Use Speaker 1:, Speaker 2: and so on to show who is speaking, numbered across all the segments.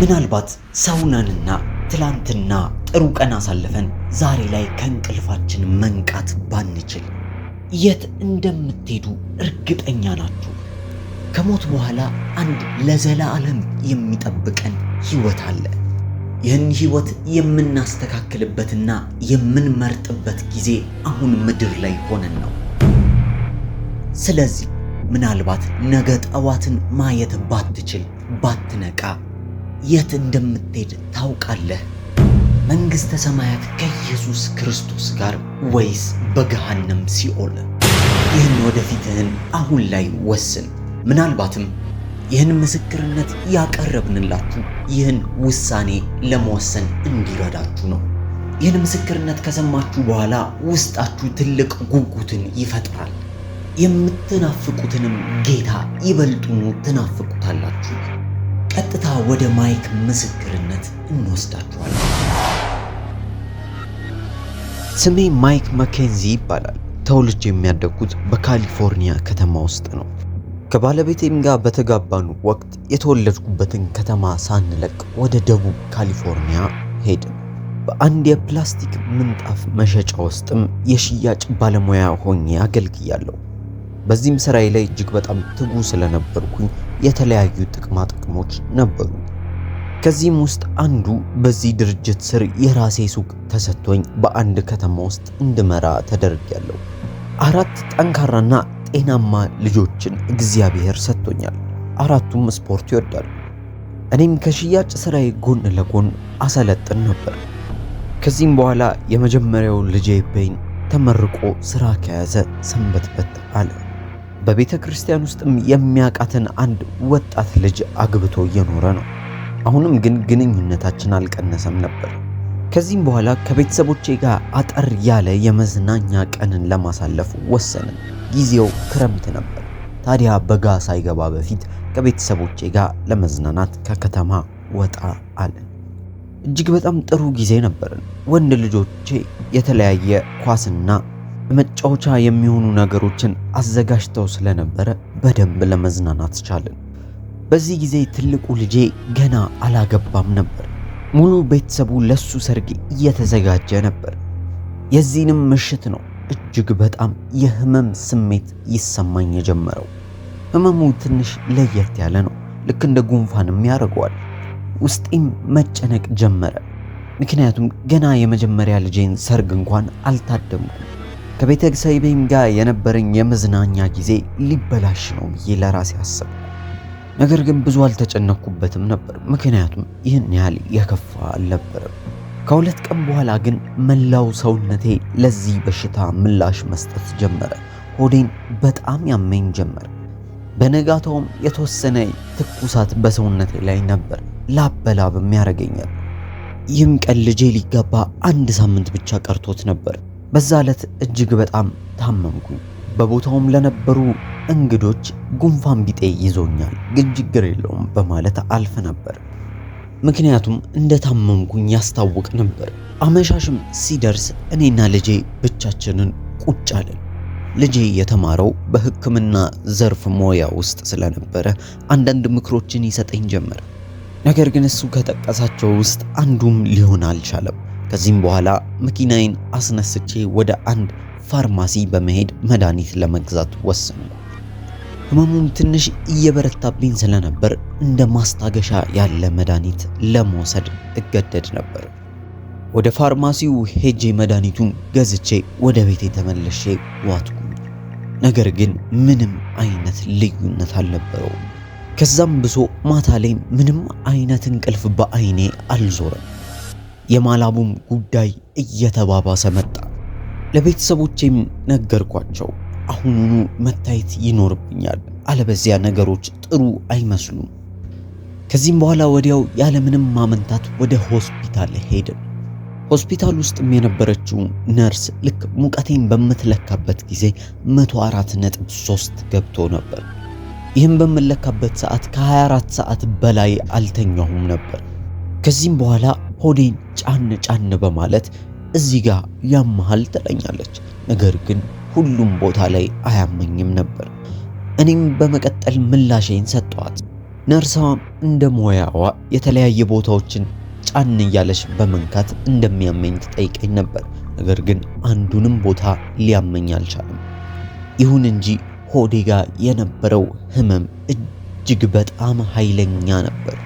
Speaker 1: ምናልባት ሰውነንና ትላንትና ጥሩ ቀን አሳልፈን ዛሬ ላይ ከእንቅልፋችን መንቃት ባንችል የት እንደምትሄዱ እርግጠኛ ናችሁ። ከሞት በኋላ አንድ ለዘላለም የሚጠብቀን ሕይወት አለ። ይህን ሕይወት የምናስተካክልበትና የምንመርጥበት ጊዜ አሁን ምድር ላይ ሆነን ነው። ስለዚህ ምናልባት ነገ ጠዋትን ማየት ባትችል ባትነቃ የት እንደምትሄድ ታውቃለህ? መንግሥተ ሰማያት ከኢየሱስ ክርስቶስ ጋር ወይስ በገሃነም ሲኦል? ይህን ወደፊትህን አሁን ላይ ወስን። ምናልባትም ይህን ምስክርነት ያቀረብንላችሁ ይህን ውሳኔ ለመወሰን እንዲረዳችሁ ነው። ይህን ምስክርነት ከሰማችሁ በኋላ ውስጣችሁ ትልቅ ጉጉትን ይፈጥራል። የምትናፍቁትንም ጌታ ይበልጡኑ ትናፍቁታላችሁ። ቀጥታ ወደ ማይክ ምስክርነት እንወስዳችኋለን። ስሜ ማይክ ማኬንዚ ይባላል። ተወልጄ የሚያደግኩት በካሊፎርኒያ ከተማ ውስጥ ነው። ከባለቤቴም ጋር በተጋባኑ ወቅት የተወለድኩበትን ከተማ ሳንለቅ ወደ ደቡብ ካሊፎርኒያ ሄድን። በአንድ የፕላስቲክ ምንጣፍ መሸጫ ውስጥም የሽያጭ ባለሙያ ሆኜ አገልግያለሁ። በዚህም ስራዬ ላይ እጅግ በጣም ትጉ ስለነበርኩኝ የተለያዩ ጥቅማ ጥቅሞች ነበሩ። ከዚህም ውስጥ አንዱ በዚህ ድርጅት ስር የራሴ ሱቅ ተሰጥቶኝ በአንድ ከተማ ውስጥ እንድመራ ተደርጊያለሁ። አራት ጠንካራና ጤናማ ልጆችን እግዚአብሔር ሰጥቶኛል። አራቱም ስፖርት ይወዳሉ። እኔም ከሽያጭ ስራዬ ጎን ለጎን አሰለጥን ነበር። ከዚህም በኋላ የመጀመሪያው ልጄ በኝ ተመርቆ ስራ ከያዘ ሰንበትበት አለ። በቤተ ክርስቲያን ውስጥም የሚያውቃትን አንድ ወጣት ልጅ አግብቶ እየኖረ ነው። አሁንም ግን ግንኙነታችን አልቀነሰም ነበር። ከዚህም በኋላ ከቤተሰቦቼ ጋር አጠር ያለ የመዝናኛ ቀንን ለማሳለፍ ወሰንን። ጊዜው ክረምት ነበር። ታዲያ በጋ ሳይገባ በፊት ከቤተሰቦቼ ጋር ለመዝናናት ከከተማ ወጣ አለን። እጅግ በጣም ጥሩ ጊዜ ነበርን። ወንድ ልጆቼ የተለያየ ኳስና መጫወቻ የሚሆኑ ነገሮችን አዘጋጅተው ስለነበረ በደንብ ለመዝናናት ቻልን። በዚህ ጊዜ ትልቁ ልጄ ገና አላገባም ነበር። ሙሉ ቤተሰቡ ለሱ ሰርግ እየተዘጋጀ ነበር። የዚህንም ምሽት ነው እጅግ በጣም የህመም ስሜት ይሰማኝ የጀመረው። ህመሙ ትንሽ ለየት ያለ ነው፣ ልክ እንደ ጉንፋንም ያደርገዋል። ውስጤም መጨነቅ ጀመረ፣ ምክንያቱም ገና የመጀመሪያ ልጄን ሰርግ እንኳን አልታደምኩም። ከቤተሰቤም ጋር የነበረኝ የመዝናኛ ጊዜ ሊበላሽ ነው ብዬ ለራሴ አሰብኩ። ነገር ግን ብዙ አልተጨነኩበትም ነበር፣ ምክንያቱም ይህን ያህል የከፋ አልነበረም። ከሁለት ቀን በኋላ ግን መላው ሰውነቴ ለዚህ በሽታ ምላሽ መስጠት ጀመረ። ሆዴን በጣም ያመኝ ጀመር። በነጋታውም የተወሰነ ትኩሳት በሰውነቴ ላይ ነበር፣ ላበላብም ያደርገኛል። ይህም ቀን ልጄ ሊጋባ አንድ ሳምንት ብቻ ቀርቶት ነበር። በዛ ዕለት እጅግ በጣም ታመምኩ። በቦታውም ለነበሩ እንግዶች ጉንፋን ቢጤ ይዞኛል፣ ግን ችግር የለውም በማለት አልፈ ነበር። ምክንያቱም እንደ ታመምኩኝ ያስታውቅ ነበር። አመሻሽም ሲደርስ እኔና ልጄ ብቻችንን ቁጭ አለን። ልጄ የተማረው በሕክምና ዘርፍ ሞያ ውስጥ ስለነበረ አንዳንድ ምክሮችን ይሰጠኝ ጀመር። ነገር ግን እሱ ከጠቀሳቸው ውስጥ አንዱም ሊሆን አልቻለም። ከዚህም በኋላ መኪናዬን አስነስቼ ወደ አንድ ፋርማሲ በመሄድ መድኃኒት ለመግዛት ወሰንኩ። ህመሙም ትንሽ እየበረታብኝ ስለነበር እንደ ማስታገሻ ያለ መድኃኒት ለመውሰድ እገደድ ነበር። ወደ ፋርማሲው ሄጄ መድኃኒቱን ገዝቼ ወደ ቤቴ ተመልሼ ዋትኩ። ነገር ግን ምንም አይነት ልዩነት አልነበረውም። ከዛም ብሶ ማታ ላይ ምንም አይነት እንቅልፍ በአይኔ አልዞረም። የማላቡም ጉዳይ እየተባባሰ መጣ። ለቤተሰቦቼም ነገርኳቸው። አሁኑኑ መታየት ይኖርብኛል፣ አለበዚያ ነገሮች ጥሩ አይመስሉም። ከዚህም በኋላ ወዲያው ያለምንም ማመንታት ወደ ሆስፒታል ሄድን። ሆስፒታል ውስጥም የነበረችው ነርስ ልክ ሙቀቴን በምትለካበት ጊዜ 104.3 ገብቶ ነበር። ይህም በምለካበት ሰዓት ከ24 ሰዓት በላይ አልተኛሁም ነበር። ከዚህም በኋላ ሆዴን ጫን ጫን በማለት እዚህ ጋር ያመሃል ትለኛለች። ነገር ግን ሁሉም ቦታ ላይ አያመኝም ነበር። እኔም በመቀጠል ምላሽን ሰጠዋት። ነርሳ እንደ ሞያዋ የተለያየ ቦታዎችን ጫን እያለች በመንካት እንደሚያመኝ ትጠይቀኝ ነበር። ነገር ግን አንዱንም ቦታ ሊያመኝ አልቻለም። ይሁን እንጂ ሆዴ ጋር የነበረው ህመም እጅግ በጣም ኃይለኛ ነበር።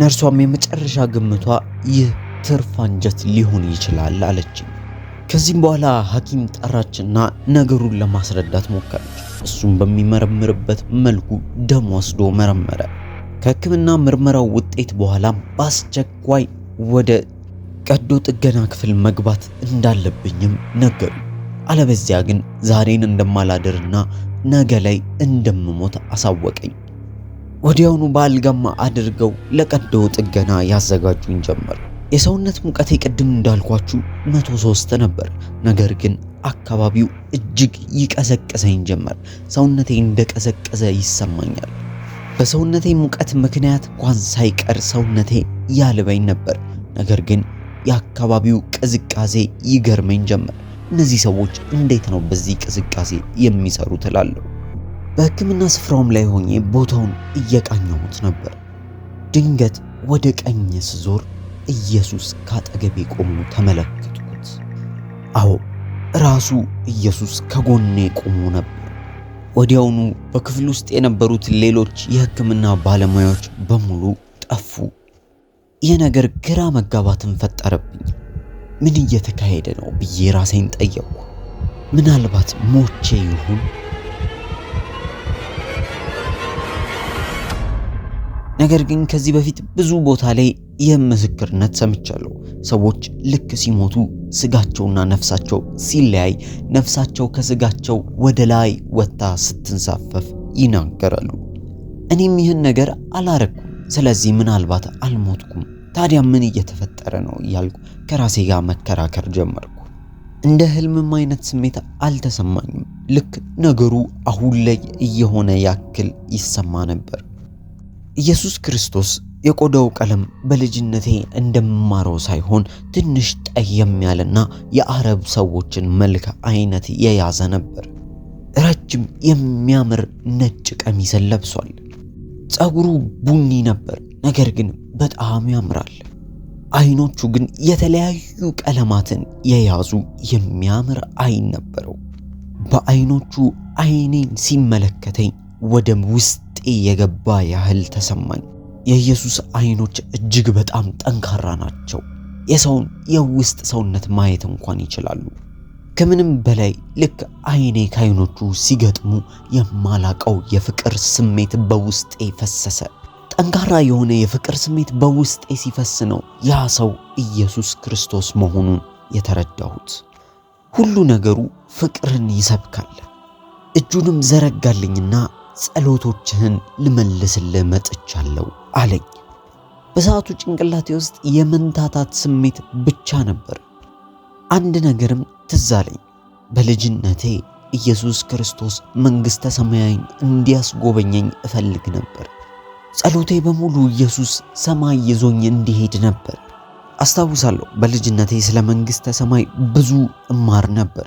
Speaker 1: ነርሷም የመጨረሻ ግምቷ ይህ ትርፍ አንጀት ሊሆን ይችላል አለችኝ። ከዚህም በኋላ ሐኪም ጠራችና ነገሩን ለማስረዳት ሞከረች። እሱም በሚመረምርበት መልኩ ደም ወስዶ መረመረ። ከሕክምና ምርመራው ውጤት በኋላም በአስቸኳይ ወደ ቀዶ ጥገና ክፍል መግባት እንዳለብኝም ነገሩ። አለበዚያ ግን ዛሬን እንደማላደርና ነገ ላይ እንደምሞት አሳወቀኝ። ወዲያውኑ በአልጋማ አድርገው ለቀዶ ጥገና ያዘጋጁኝ ጀመር። የሰውነት ሙቀቴ ቅድም እንዳልኳችሁ 103 ነበር። ነገር ግን አካባቢው እጅግ ይቀዘቅዘኝ ጀመር። ሰውነቴ እንደቀዘቀዘ ይሰማኛል። በሰውነቴ ሙቀት ምክንያት እንኳን ሳይቀር ሰውነቴ ያልበኝ ነበር። ነገር ግን የአካባቢው ቅዝቃዜ ይገርመኝ ጀመር። እነዚህ ሰዎች እንዴት ነው በዚህ ቅዝቃዜ የሚሰሩት እላለሁ። በሕክምና ስፍራውም ላይ ሆኜ ቦታውን እየቃኘሁት ነበር። ድንገት ወደ ቀኝ ስዞር ኢየሱስ ካጠገቤ ቆሞ ተመለከትኩት። አዎ ራሱ ኢየሱስ ከጎኔ ቆሞ ነበር። ወዲያውኑ በክፍል ውስጥ የነበሩት ሌሎች የሕክምና ባለሙያዎች በሙሉ ጠፉ። ይህ ነገር ግራ መጋባትን ፈጠረብኝ። ምን እየተካሄደ ነው ብዬ ራሴን ጠየቅኩ። ምናልባት ሞቼ ይሁን? ነገር ግን ከዚህ በፊት ብዙ ቦታ ላይ ይህ ምስክርነት ሰምቻለሁ። ሰዎች ልክ ሲሞቱ ስጋቸውና ነፍሳቸው ሲለያይ ነፍሳቸው ከስጋቸው ወደ ላይ ወጥታ ስትንሳፈፍ ይናገራሉ። እኔም ይህን ነገር አላረኩም፣ ስለዚህ ምናልባት አልሞትኩም። ታዲያ ምን እየተፈጠረ ነው እያልኩ ከራሴ ጋር መከራከር ጀመርኩ። እንደ ህልምም አይነት ስሜት አልተሰማኝም። ልክ ነገሩ አሁን ላይ እየሆነ ያክል ይሰማ ነበር። ኢየሱስ ክርስቶስ የቆዳው ቀለም በልጅነቴ እንደማረው ሳይሆን ትንሽ ጠየም ያለና የአረብ ሰዎችን መልክ አይነት የያዘ ነበር። ረጅም የሚያምር ነጭ ቀሚስን ለብሷል። ፀጉሩ ቡኒ ነበር፣ ነገር ግን በጣም ያምራል። አይኖቹ ግን የተለያዩ ቀለማትን የያዙ የሚያምር አይን ነበረው። በአይኖቹ አይኔን ሲመለከተኝ ወደ ውስጥ የገባ ያህል ተሰማኝ። የኢየሱስ አይኖች እጅግ በጣም ጠንካራ ናቸው። የሰውን የውስጥ ሰውነት ማየት እንኳን ይችላሉ። ከምንም በላይ ልክ አይኔ ከአይኖቹ ሲገጥሙ የማላቀው የፍቅር ስሜት በውስጤ ፈሰሰ። ጠንካራ የሆነ የፍቅር ስሜት በውስጤ ሲፈስ ነው ያ ሰው ኢየሱስ ክርስቶስ መሆኑን የተረዳሁት። ሁሉ ነገሩ ፍቅርን ይሰብካል። እጁንም ዘረጋልኝና ጸሎቶችህን ልመልስልህ መጥቻለሁ አለኝ። በሰዓቱ ጭንቅላቴ ውስጥ የመንታታት ስሜት ብቻ ነበር። አንድ ነገርም ትዝ አለኝ። በልጅነቴ ኢየሱስ ክርስቶስ መንግሥተ ሰማያይን እንዲያስጎበኘኝ እፈልግ ነበር። ጸሎቴ በሙሉ ኢየሱስ ሰማይ ይዞኝ እንዲሄድ ነበር። አስታውሳለሁ፣ በልጅነቴ ስለ መንግሥተ ሰማይ ብዙ እማር ነበር።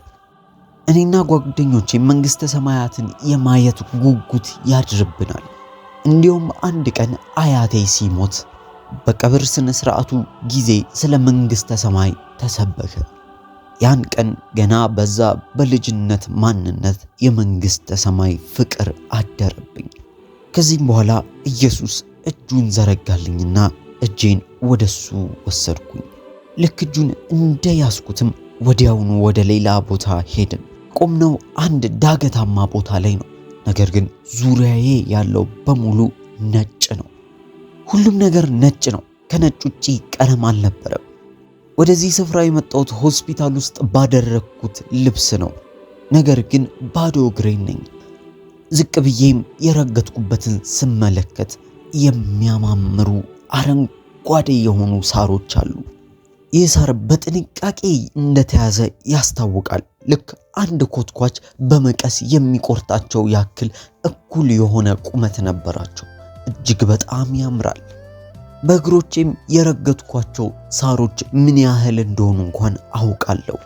Speaker 1: እኔና ጓደኞቼ መንግሥተ ሰማያትን የማየት ጉጉት ያድርብናል። እንዲሁም አንድ ቀን አያቴ ሲሞት በቀብር ስነ ስርዓቱ ጊዜ ስለ መንግሥተ ሰማይ ተሰበከ። ያን ቀን ገና በዛ በልጅነት ማንነት የመንግሥተ ሰማይ ፍቅር አደረብኝ። ከዚህም በኋላ ኢየሱስ እጁን ዘረጋልኝና እጄን ወደሱ ወሰድኩኝ። ልክ እጁን እንደ ያስኩትም ወዲያውኑ ወደ ሌላ ቦታ ሄድን። የቆምነው አንድ ዳገታማ ቦታ ላይ ነው። ነገር ግን ዙሪያዬ ያለው በሙሉ ነጭ ነው። ሁሉም ነገር ነጭ ነው። ከነጭ ውጪ ቀለም አልነበረም። ወደዚህ ስፍራ የመጣሁት ሆስፒታል ውስጥ ባደረግኩት ልብስ ነው። ነገር ግን ባዶ እግሬን ነኝ። ዝቅ ብዬም የረገጥኩበትን ስመለከት የሚያማምሩ አረንጓዴ የሆኑ ሳሮች አሉ። ይህ ሳር በጥንቃቄ እንደተያዘ ያስታውቃል። ልክ አንድ ኮትኳች በመቀስ የሚቆርጣቸው ያክል እኩል የሆነ ቁመት ነበራቸው። እጅግ በጣም ያምራል። በእግሮቼም የረገጥኳቸው ሳሮች ምን ያህል እንደሆኑ እንኳን አውቃለሁ።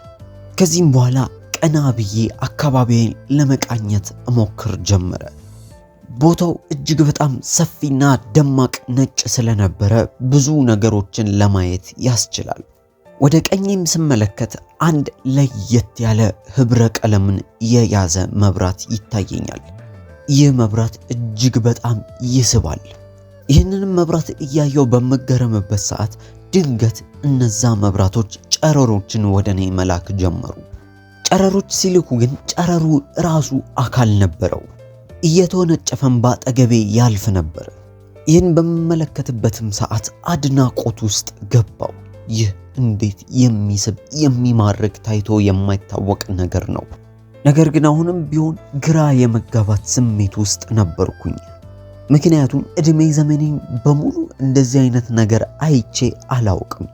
Speaker 1: ከዚህም በኋላ ቀና ብዬ አካባቢዬን ለመቃኘት እሞክር ጀመረ። ቦታው እጅግ በጣም ሰፊና ደማቅ ነጭ ስለነበረ ብዙ ነገሮችን ለማየት ያስችላል። ወደ ቀኝም ስመለከት አንድ ለየት ያለ ህብረ ቀለምን የያዘ መብራት ይታየኛል። ይህ መብራት እጅግ በጣም ይስባል። ይህንንም መብራት እያየው በምገረምበት ሰዓት ድንገት እነዛ መብራቶች ጨረሮችን ወደ እኔ መላክ ጀመሩ። ጨረሮች ሲልኩ ግን ጨረሩ ራሱ አካል ነበረው፣ እየተወነጨፈን ባጠገቤ ያልፍ ነበር። ይህን በምመለከትበትም ሰዓት አድናቆት ውስጥ ገባው። ይህ እንዴት የሚስብ የሚማርክ ታይቶ የማይታወቅ ነገር ነው። ነገር ግን አሁንም ቢሆን ግራ የመጋባት ስሜት ውስጥ ነበርኩኝ። ምክንያቱም እድሜ ዘመኔን በሙሉ እንደዚህ አይነት ነገር አይቼ አላውቅም።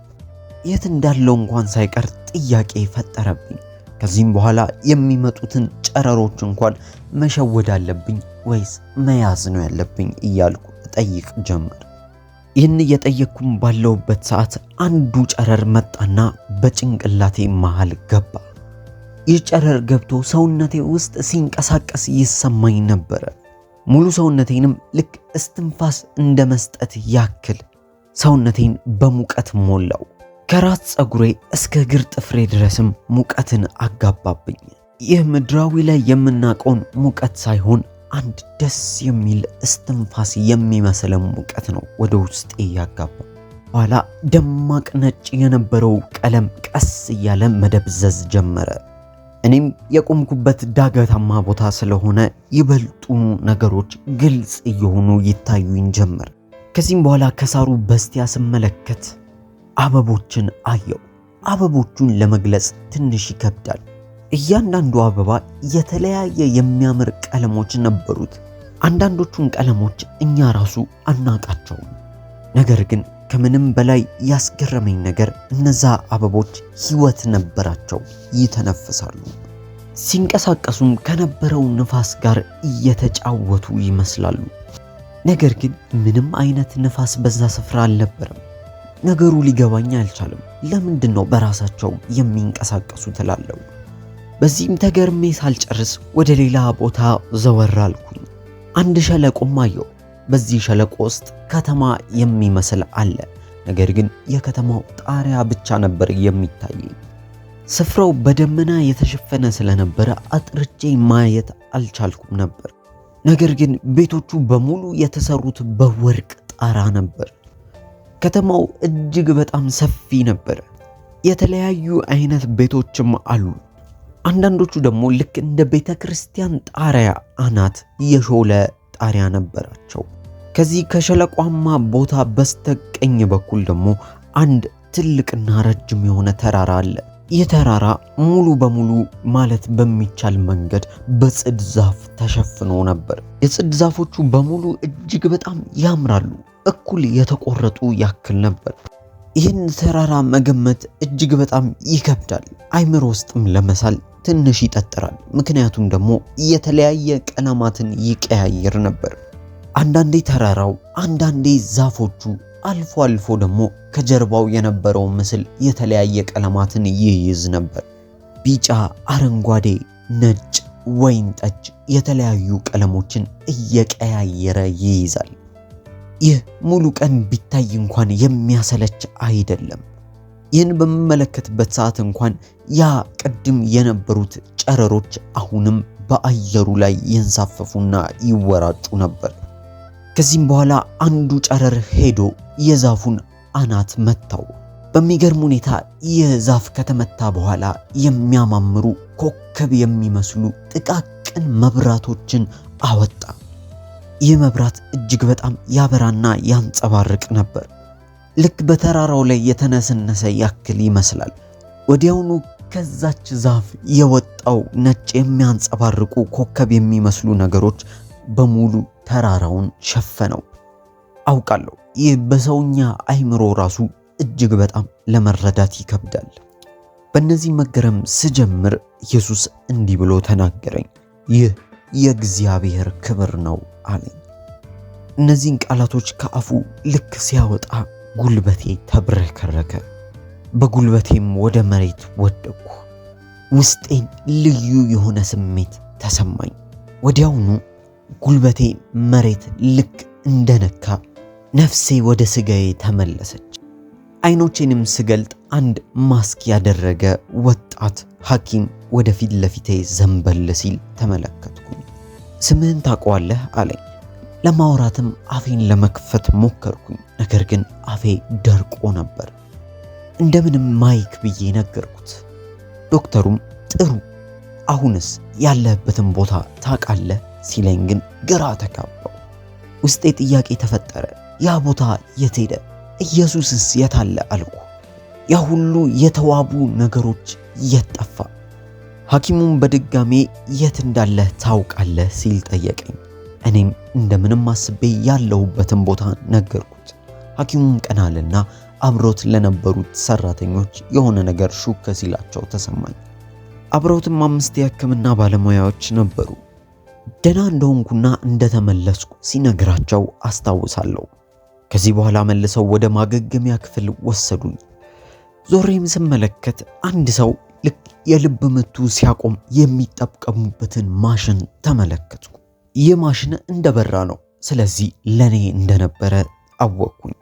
Speaker 1: የት እንዳለው እንኳን ሳይቀር ጥያቄ ፈጠረብኝ። ከዚህም በኋላ የሚመጡትን ጨረሮች እንኳን መሸወድ አለብኝ ወይስ መያዝ ነው ያለብኝ እያልኩ ጠይቅ ጀመር። ይህን እየጠየቅኩም ባለውበት ሰዓት አንዱ ጨረር መጣና በጭንቅላቴ መሃል ገባ። ይህ ጨረር ገብቶ ሰውነቴ ውስጥ ሲንቀሳቀስ ይሰማኝ ነበረ። ሙሉ ሰውነቴንም ልክ እስትንፋስ እንደ መስጠት ያክል ሰውነቴን በሙቀት ሞላው። ከራስ ፀጉሬ እስከ እግር ጥፍሬ ድረስም ሙቀትን አጋባብኝ። ይህ ምድራዊ ላይ የምናውቀውን ሙቀት ሳይሆን አንድ ደስ የሚል እስትንፋስ የሚመስል ሙቀት ነው ወደ ውስጤ እያጋባ። ኋላ ደማቅ ነጭ የነበረው ቀለም ቀስ እያለ መደብዘዝ ጀመረ። እኔም የቆምኩበት ዳገታማ ቦታ ስለሆነ ይበልጡኑ ነገሮች ግልጽ እየሆኑ ይታዩኝ ጀመር። ከዚህም በኋላ ከሳሩ በስቲያ ስመለከት አበቦችን አየው። አበቦቹን ለመግለጽ ትንሽ ይከብዳል። እያንዳንዱ አበባ የተለያየ የሚያምር ቀለሞች ነበሩት። አንዳንዶቹን ቀለሞች እኛ ራሱ አናቃቸውም። ነገር ግን ከምንም በላይ ያስገረመኝ ነገር እነዛ አበቦች ሕይወት ነበራቸው፣ ይተነፍሳሉ። ሲንቀሳቀሱም ከነበረው ንፋስ ጋር እየተጫወቱ ይመስላሉ። ነገር ግን ምንም አይነት ንፋስ በዛ ስፍራ አልነበረም። ነገሩ ሊገባኝ አልቻለም። ለምንድን ነው በራሳቸው የሚንቀሳቀሱ ትላለው? በዚህም ተገርሜ ሳልጨርስ ወደ ሌላ ቦታ ዘወር አልኩኝ። አንድ ሸለቆም አየሁ። በዚህ ሸለቆ ውስጥ ከተማ የሚመስል አለ። ነገር ግን የከተማው ጣሪያ ብቻ ነበር የሚታየኝ። ስፍራው በደመና የተሸፈነ ስለነበረ አጥርቼ ማየት አልቻልኩም ነበር። ነገር ግን ቤቶቹ በሙሉ የተሰሩት በወርቅ ጣራ ነበር። ከተማው እጅግ በጣም ሰፊ ነበር። የተለያዩ አይነት ቤቶችም አሉ። አንዳንዶቹ ደግሞ ልክ እንደ ቤተ ክርስቲያን ጣሪያ አናት የሾለ ጣሪያ ነበራቸው። ከዚህ ከሸለቋማ ቦታ በስተቀኝ በኩል ደግሞ አንድ ትልቅና ረጅም የሆነ ተራራ አለ። ይህ ተራራ ሙሉ በሙሉ ማለት በሚቻል መንገድ በጽድ ዛፍ ተሸፍኖ ነበር። የጽድ ዛፎቹ በሙሉ እጅግ በጣም ያምራሉ። እኩል የተቆረጡ ያክል ነበር። ይህን ተራራ መገመት እጅግ በጣም ይከብዳል። አይምሮ ውስጥም ለመሳል ትንሽ ይጠጥራል። ምክንያቱም ደግሞ የተለያየ ቀለማትን ይቀያየር ነበር። አንዳንዴ ተራራው፣ አንዳንዴ ዛፎቹ፣ አልፎ አልፎ ደግሞ ከጀርባው የነበረው ምስል የተለያየ ቀለማትን ይይዝ ነበር። ቢጫ፣ አረንጓዴ፣ ነጭ፣ ወይን ጠጅ የተለያዩ ቀለሞችን እየቀያየረ ይይዛል። ይህ ሙሉ ቀን ቢታይ እንኳን የሚያሰለች አይደለም። ይህን በምመለከትበት ሰዓት እንኳን ያ ቅድም የነበሩት ጨረሮች አሁንም በአየሩ ላይ ይንሳፈፉና ይወራጩ ነበር። ከዚህም በኋላ አንዱ ጨረር ሄዶ የዛፉን አናት መታው። በሚገርም ሁኔታ ይህ ዛፍ ከተመታ በኋላ የሚያማምሩ ኮከብ የሚመስሉ ጥቃቅን መብራቶችን አወጣ። ይህ መብራት እጅግ በጣም ያበራና ያንጸባርቅ ነበር። ልክ በተራራው ላይ የተነሰነሰ ያክል ይመስላል። ወዲያውኑ ከዛች ዛፍ የወጣው ነጭ የሚያንጸባርቁ ኮከብ የሚመስሉ ነገሮች በሙሉ ተራራውን ሸፈነው። አውቃለሁ ይህ በሰውኛ አይምሮ ራሱ እጅግ በጣም ለመረዳት ይከብዳል። በእነዚህ መገረም ስጀምር ኢየሱስ እንዲህ ብሎ ተናገረኝ፣ ይህ የእግዚአብሔር ክብር ነው አለኝ። እነዚህን ቃላቶች ከአፉ ልክ ሲያወጣ ጉልበቴ ተብረከረከ። በጉልበቴም ወደ መሬት ወደቅኩ። ውስጤን ልዩ የሆነ ስሜት ተሰማኝ። ወዲያውኑ ጉልበቴ መሬት ልክ እንደነካ ነፍሴ ወደ ስጋዬ ተመለሰች። አይኖቼንም ስገልጥ አንድ ማስክ ያደረገ ወጣት ሐኪም ወደ ፊት ለፊቴ ዘንበል ሲል ተመለከትኩኝ። ስምህን ታውቀዋለህ አለኝ። ለማውራትም አፌን ለመክፈት ሞከርኩኝ። ነገር ግን አፌ ደርቆ ነበር። እንደምንም ማይክ ብዬ ነገርኩት። ዶክተሩም ጥሩ አሁንስ ያለህበትን ቦታ ታውቃለህ ሲለኝ ግን ግራ ተጋባው። ውስጤ ጥያቄ ተፈጠረ። ያ ቦታ የት ሄደ? ኢየሱስስ የት አለ አልኩ። ያ ሁሉ የተዋቡ ነገሮች የት ጠፋ? ሐኪሙም በድጋሜ የት እንዳለህ ታውቃለህ ሲል ጠየቀኝ። እኔም እንደምንም አስቤ ያለሁበትን ቦታ ነገርኩት። ሐኪሙም ቀናልና አብሮት ለነበሩት ሰራተኞች የሆነ ነገር ሹክ ሲላቸው ተሰማኝ። አብረውትም አምስት የህክምና ባለሙያዎች ነበሩ። ደና እንደሆንኩና እንደተመለስኩ ሲነግራቸው አስታውሳለሁ። ከዚህ በኋላ መልሰው ወደ ማገገሚያ ክፍል ወሰዱኝ። ዞሬም ስመለከት አንድ ሰው ልክ የልብ ምቱ ሲያቆም የሚጠቀሙበትን ማሽን ተመለከትኩ። ይህ ማሽን እንደበራ ነው። ስለዚህ ለኔ እንደነበረ አወቅኩኝ።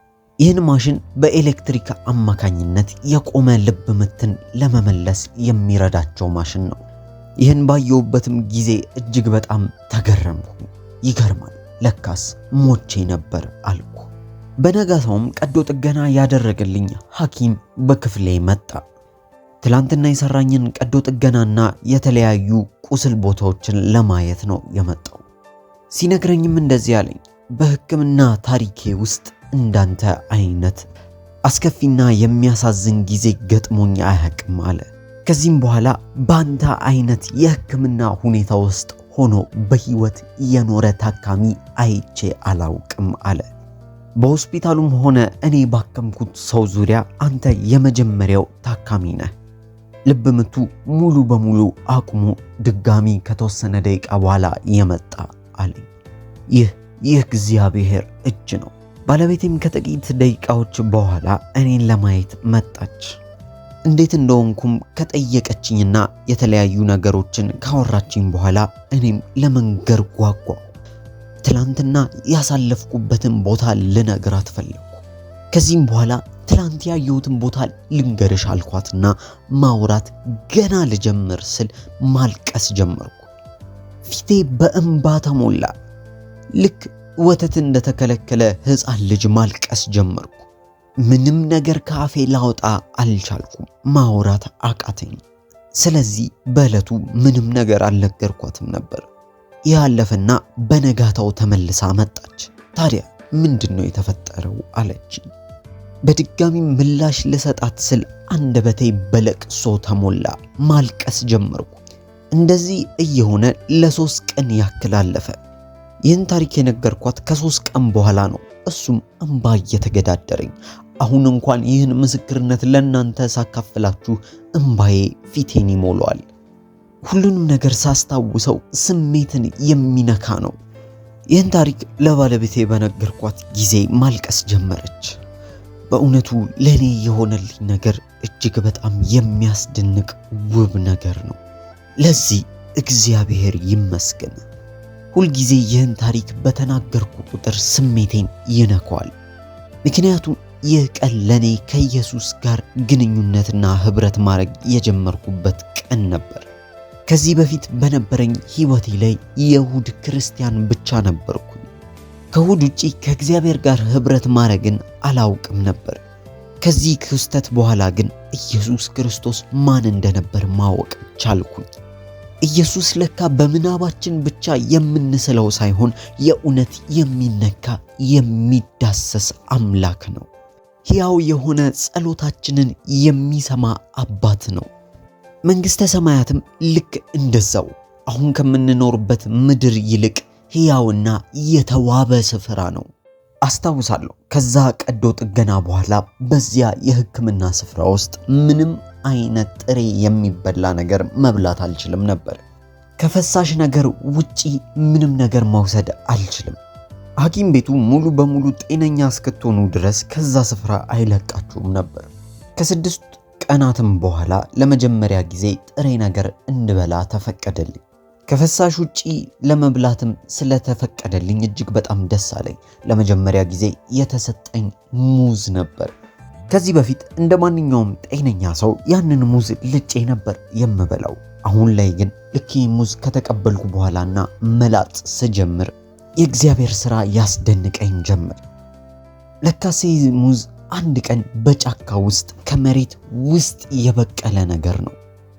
Speaker 1: ይህን ማሽን በኤሌክትሪክ አማካኝነት የቆመ ልብ ምትን ለመመለስ የሚረዳቸው ማሽን ነው። ይህን ባየሁበትም ጊዜ እጅግ በጣም ተገረምኩ። ይገርማል፣ ለካስ ሞቼ ነበር አልኩ። በነጋታውም ቀዶ ጥገና ያደረገልኝ ሐኪም በክፍሌ መጣ። ትላንትና የሰራኝን ቀዶ ጥገናና የተለያዩ ቁስል ቦታዎችን ለማየት ነው የመጣው። ሲነግረኝም እንደዚህ አለኝ። በህክምና ታሪኬ ውስጥ እንዳንተ አይነት አስከፊና የሚያሳዝን ጊዜ ገጥሞኝ አያውቅም አለ። ከዚህም በኋላ በአንተ አይነት የህክምና ሁኔታ ውስጥ ሆኖ በህይወት የኖረ ታካሚ አይቼ አላውቅም አለ። በሆስፒታሉም ሆነ እኔ ባከምኩት ሰው ዙሪያ አንተ የመጀመሪያው ታካሚ ነህ። ልብ ምቱ ሙሉ በሙሉ አቁሞ ድጋሚ ከተወሰነ ደቂቃ በኋላ የመጣ አለኝ። ይህ የእግዚአብሔር እጅ ነው። ባለቤቴም ከጥቂት ደቂቃዎች በኋላ እኔን ለማየት መጣች። እንዴት እንደሆንኩም ከጠየቀችኝና የተለያዩ ነገሮችን ካወራችኝ በኋላ እኔም ለመንገር ጓጓ። ትላንትና ያሳለፍኩበትን ቦታ ልነግራት ፈለግኩ። ከዚህም በኋላ ትላንት ያየሁትን ቦታ ልንገርሽ አልኳትና ማውራት ገና ልጀምር ስል ማልቀስ ጀመርኩ። ፊቴ በእንባ ተሞላ። ልክ ወተት እንደተከለከለ ሕፃን ልጅ ማልቀስ ጀመርኩ። ምንም ነገር ከአፌ ላወጣ አልቻልኩም። ማውራት አቃተኝ። ስለዚህ በዕለቱ ምንም ነገር አልነገርኳትም ነበር። ያለፈና በነጋታው ተመልሳ መጣች። ታዲያ ምንድን ነው የተፈጠረው አለችኝ። በድጋሚ ምላሽ ልሰጣት ስል አንደበቴ በለቅሶ ተሞላ። ማልቀስ ጀመርኩ። እንደዚህ እየሆነ ለሶስት ቀን ያክል አለፈ። ይህን ታሪክ የነገርኳት ከሶስት ቀን በኋላ ነው። እሱም እንባ እየተገዳደረኝ አሁን እንኳን ይህን ምስክርነት ለእናንተ ሳካፍላችሁ እንባዬ ፊቴን ይሞላዋል። ሁሉንም ነገር ሳስታውሰው ስሜትን የሚነካ ነው። ይህን ታሪክ ለባለቤቴ በነገርኳት ጊዜ ማልቀስ ጀመረች። በእውነቱ ለእኔ የሆነልኝ ነገር እጅግ በጣም የሚያስደንቅ ውብ ነገር ነው። ለዚህ እግዚአብሔር ይመስገን። ሁልጊዜ ይህን ታሪክ በተናገርኩ ቁጥር ስሜቴን ይነኳል። ምክንያቱም ይህ ቀን ለእኔ ከኢየሱስ ጋር ግንኙነትና ኅብረት ማድረግ የጀመርኩበት ቀን ነበር። ከዚህ በፊት በነበረኝ ሕይወቴ ላይ የእሁድ ክርስቲያን ብቻ ነበርኩኝ። ከእሁድ ውጪ ከእግዚአብሔር ጋር ኅብረት ማድረግን አላውቅም ነበር። ከዚህ ክስተት በኋላ ግን ኢየሱስ ክርስቶስ ማን እንደነበር ማወቅ ቻልኩኝ። ኢየሱስ ለካ በምናባችን ብቻ የምንስለው ሳይሆን የእውነት የሚነካ የሚዳሰስ አምላክ ነው። ሕያው የሆነ ጸሎታችንን የሚሰማ አባት ነው። መንግሥተ ሰማያትም ልክ እንደዛው አሁን ከምንኖርበት ምድር ይልቅ ሕያውና የተዋበ ስፍራ ነው። አስታውሳለሁ ከዛ ቀዶ ጥገና በኋላ በዚያ የሕክምና ስፍራ ውስጥ ምንም አይነት ጥሬ የሚበላ ነገር መብላት አልችልም ነበር። ከፈሳሽ ነገር ውጪ ምንም ነገር መውሰድ አልችልም። ሐኪም ቤቱ ሙሉ በሙሉ ጤነኛ እስክትሆኑ ድረስ ከዛ ስፍራ አይለቃችሁም ነበር። ከስድስት ቀናትም በኋላ ለመጀመሪያ ጊዜ ጥሬ ነገር እንድበላ ተፈቀደልኝ። ከፈሳሽ ውጪ ለመብላትም ስለተፈቀደልኝ እጅግ በጣም ደስ አለኝ። ለመጀመሪያ ጊዜ የተሰጠኝ ሙዝ ነበር። ከዚህ በፊት እንደ ማንኛውም ጤነኛ ሰው ያንን ሙዝ ልጬ ነበር የምበላው። አሁን ላይ ግን ልክ ሙዝ ከተቀበልኩ በኋላና መላጥ ስጀምር የእግዚአብሔር ሥራ ያስደንቀኝ ጀምር። ለካሴ ሙዝ አንድ ቀን በጫካ ውስጥ ከመሬት ውስጥ የበቀለ ነገር ነው።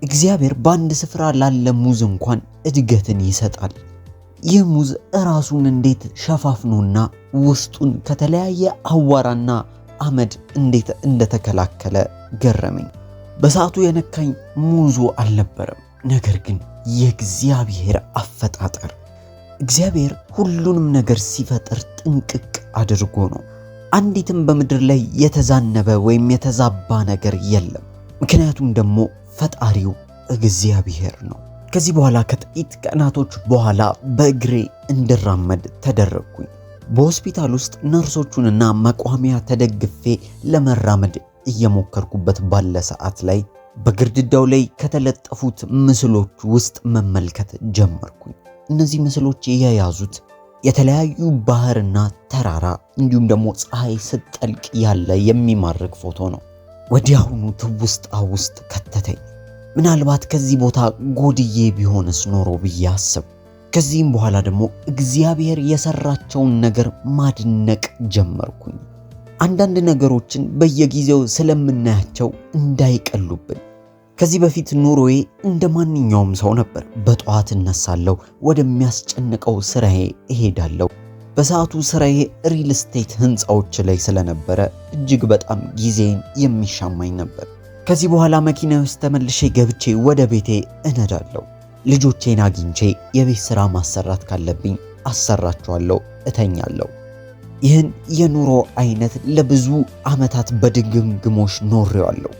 Speaker 1: እግዚአብሔር በአንድ ስፍራ ላለ ሙዝ እንኳን እድገትን ይሰጣል። ይህ ሙዝ ራሱን እንዴት ሸፋፍኖና ውስጡን ከተለያየ አዋራና አመድ እንዴት እንደተከላከለ ገረመኝ። በሰዓቱ የነካኝ ሙዞ አልነበረም፣ ነገር ግን የእግዚአብሔር አፈጣጠር። እግዚአብሔር ሁሉንም ነገር ሲፈጥር ጥንቅቅ አድርጎ ነው። አንዲትም በምድር ላይ የተዛነበ ወይም የተዛባ ነገር የለም። ምክንያቱም ደግሞ ፈጣሪው እግዚአብሔር ነው። ከዚህ በኋላ ከጥቂት ቀናቶች በኋላ በእግሬ እንድራመድ ተደረግኩኝ። በሆስፒታል ውስጥ ነርሶቹንና መቋሚያ ተደግፌ ለመራመድ እየሞከርኩበት ባለ ሰዓት ላይ በግድግዳው ላይ ከተለጠፉት ምስሎች ውስጥ መመልከት ጀመርኩኝ። እነዚህ ምስሎች የያዙት የተለያዩ ባህርና ተራራ እንዲሁም ደግሞ ፀሐይ ስትጠልቅ ያለ የሚማርክ ፎቶ ነው። ወዲያውኑ ትውስጣ ውስጥ ከተተኝ። ምናልባት ከዚህ ቦታ ጎድዬ ቢሆንስ ኖሮ ብዬ አስብ ከዚህም በኋላ ደግሞ እግዚአብሔር የሰራቸውን ነገር ማድነቅ ጀመርኩኝ። አንዳንድ ነገሮችን በየጊዜው ስለምናያቸው እንዳይቀሉብን። ከዚህ በፊት ኑሮዬ እንደ ማንኛውም ሰው ነበር። በጠዋት እነሳለሁ፣ ወደሚያስጨንቀው ስራዬ እሄዳለሁ። በሰዓቱ ስራዬ ሪል ስቴት ህንፃዎች ላይ ስለነበረ እጅግ በጣም ጊዜን የሚሻማኝ ነበር። ከዚህ በኋላ መኪና ውስጥ ተመልሼ ገብቼ ወደ ቤቴ እነዳለሁ። ልጆቼን አግኝቼ የቤት ሥራ ማሰራት ካለብኝ አሰራቸዋለሁ፣ እተኛለሁ። ይህን የኑሮ አይነት ለብዙ ዓመታት በድግምግሞሽ ኖሬዋለሁ።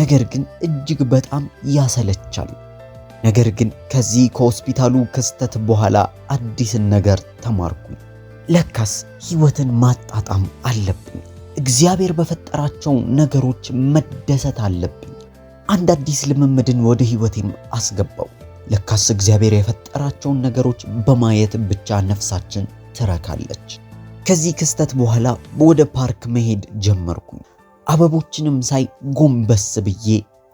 Speaker 1: ነገር ግን እጅግ በጣም ያሰለቻል። ነገር ግን ከዚህ ከሆስፒታሉ ክስተት በኋላ አዲስን ነገር ተማርኩኝ። ለካስ ሕይወትን ማጣጣም አለብኝ። እግዚአብሔር በፈጠራቸው ነገሮች መደሰት አለብኝ። አንድ አዲስ ልምምድን ወደ ሕይወቴም አስገባው። ለካስ እግዚአብሔር የፈጠራቸውን ነገሮች በማየት ብቻ ነፍሳችን ትረካለች። ከዚህ ክስተት በኋላ ወደ ፓርክ መሄድ ጀመርኩኝ። አበቦችንም ሳይ ጎንበስ ብዬ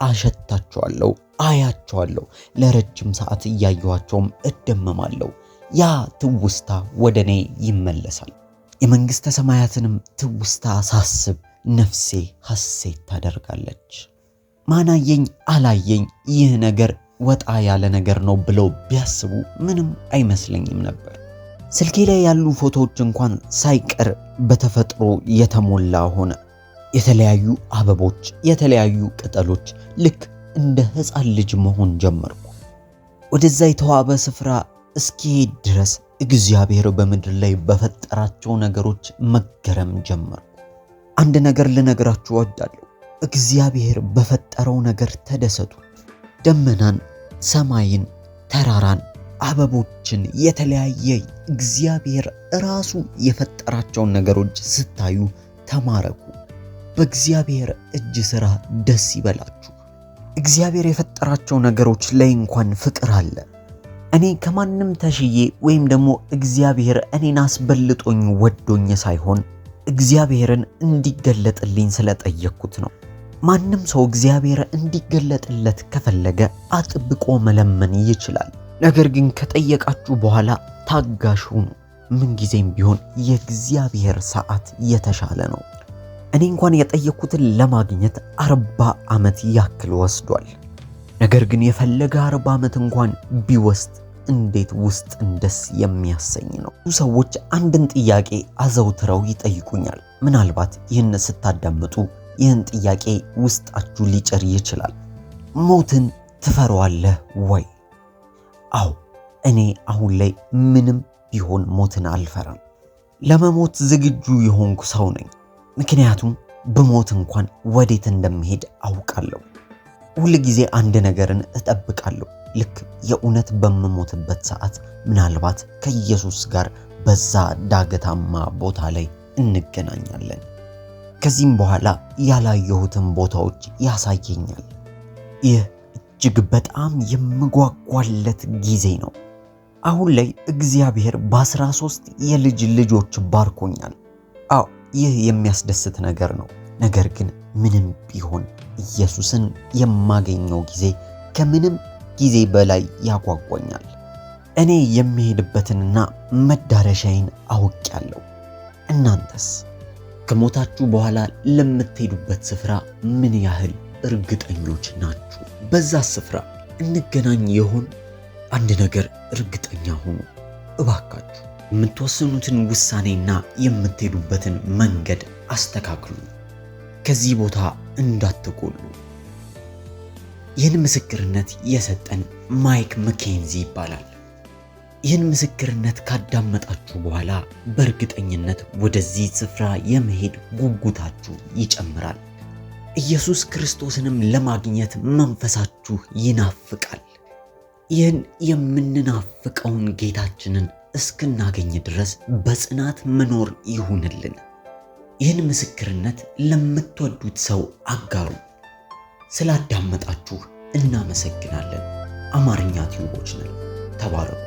Speaker 1: አሸታቸዋለሁ፣ አያቸዋለሁ። ለረጅም ሰዓት እያየኋቸውም እደመማለሁ። ያ ትውስታ ወደ እኔ ይመለሳል። የመንግሥተ ሰማያትንም ትውስታ ሳስብ ነፍሴ ሐሴት ታደርጋለች። ማናየኝ አላየኝ ይህ ነገር ወጣ ያለ ነገር ነው ብለው ቢያስቡ ምንም አይመስለኝም ነበር። ስልኬ ላይ ያሉ ፎቶዎች እንኳን ሳይቀር በተፈጥሮ የተሞላ ሆነ። የተለያዩ አበቦች፣ የተለያዩ ቅጠሎች፣ ልክ እንደ ሕፃን ልጅ መሆን ጀመርኩ። ወደዛ የተዋበ ስፍራ እስኪሄድ ድረስ እግዚአብሔር በምድር ላይ በፈጠራቸው ነገሮች መገረም ጀመርኩ። አንድ ነገር ልነግራችሁ እወዳለሁ። እግዚአብሔር በፈጠረው ነገር ተደሰቱ። ደመናን፣ ሰማይን፣ ተራራን፣ አበቦችን፣ የተለያየ እግዚአብሔር ራሱ የፈጠራቸውን ነገሮች ስታዩ ተማረኩ። በእግዚአብሔር እጅ ሥራ ደስ ይበላችሁ። እግዚአብሔር የፈጠራቸው ነገሮች ላይ እንኳን ፍቅር አለ። እኔ ከማንም ተሽዬ ወይም ደግሞ እግዚአብሔር እኔን አስበልጦኝ ወዶኝ ሳይሆን እግዚአብሔርን እንዲገለጥልኝ ስለጠየቅኩት ነው። ማንም ሰው እግዚአብሔር እንዲገለጥለት ከፈለገ አጥብቆ መለመን ይችላል። ነገር ግን ከጠየቃችሁ በኋላ ታጋሽ ሁኑ። ምንጊዜም ቢሆን የእግዚአብሔር ሰዓት የተሻለ ነው። እኔ እንኳን የጠየኩትን ለማግኘት አርባ ዓመት ያክል ወስዷል። ነገር ግን የፈለገ አርባ ዓመት እንኳን ቢወስድ እንዴት ውስጥን ደስ የሚያሰኝ ነው። ብዙ ሰዎች አንድን ጥያቄ አዘውትረው ይጠይቁኛል። ምናልባት ይህን ስታዳምጡ ይህን ጥያቄ ውስጣችሁ ሊጭር ይችላል። ሞትን ትፈሯዋለህ ወይ? አዎ፣ እኔ አሁን ላይ ምንም ቢሆን ሞትን አልፈራም። ለመሞት ዝግጁ የሆንኩ ሰው ነኝ። ምክንያቱም ብሞት እንኳን ወዴት እንደምሄድ አውቃለሁ። ሁል ጊዜ አንድ ነገርን እጠብቃለሁ። ልክ የእውነት በምሞትበት ሰዓት ምናልባት ከኢየሱስ ጋር በዛ ዳገታማ ቦታ ላይ እንገናኛለን። ከዚህም በኋላ ያላየሁትን ቦታዎች ያሳየኛል። ይህ እጅግ በጣም የምጓጓለት ጊዜ ነው። አሁን ላይ እግዚአብሔር በአስራ ሶስት የልጅ ልጆች ባርኮኛል። አዎ ይህ የሚያስደስት ነገር ነው። ነገር ግን ምንም ቢሆን ኢየሱስን የማገኘው ጊዜ ከምንም ጊዜ በላይ ያጓጓኛል። እኔ የሚሄድበትንና መዳረሻዬን ያለው እናንተስ? ከሞታችሁ በኋላ ለምትሄዱበት ስፍራ ምን ያህል እርግጠኞች ናችሁ? በዛ ስፍራ እንገናኝ ይሆን? አንድ ነገር እርግጠኛ ሆኑ እባካችሁ። የምትወሰኑትን ውሳኔና የምትሄዱበትን መንገድ አስተካክሉ። ከዚህ ቦታ እንዳትቆሉ። ይህን ምስክርነት የሰጠን ማይክ መኬንዚ ይባላል። ይህን ምስክርነት ካዳመጣችሁ በኋላ በእርግጠኝነት ወደዚህ ስፍራ የመሄድ ጉጉታችሁ ይጨምራል። ኢየሱስ ክርስቶስንም ለማግኘት መንፈሳችሁ ይናፍቃል። ይህን የምንናፍቀውን ጌታችንን እስክናገኝ ድረስ በጽናት መኖር ይሁንልን። ይህን ምስክርነት ለምትወዱት ሰው አጋሩ። ስላዳመጣችሁ እናመሰግናለን። አማርኛ ቲዩቦች ነን። ተባረኩ።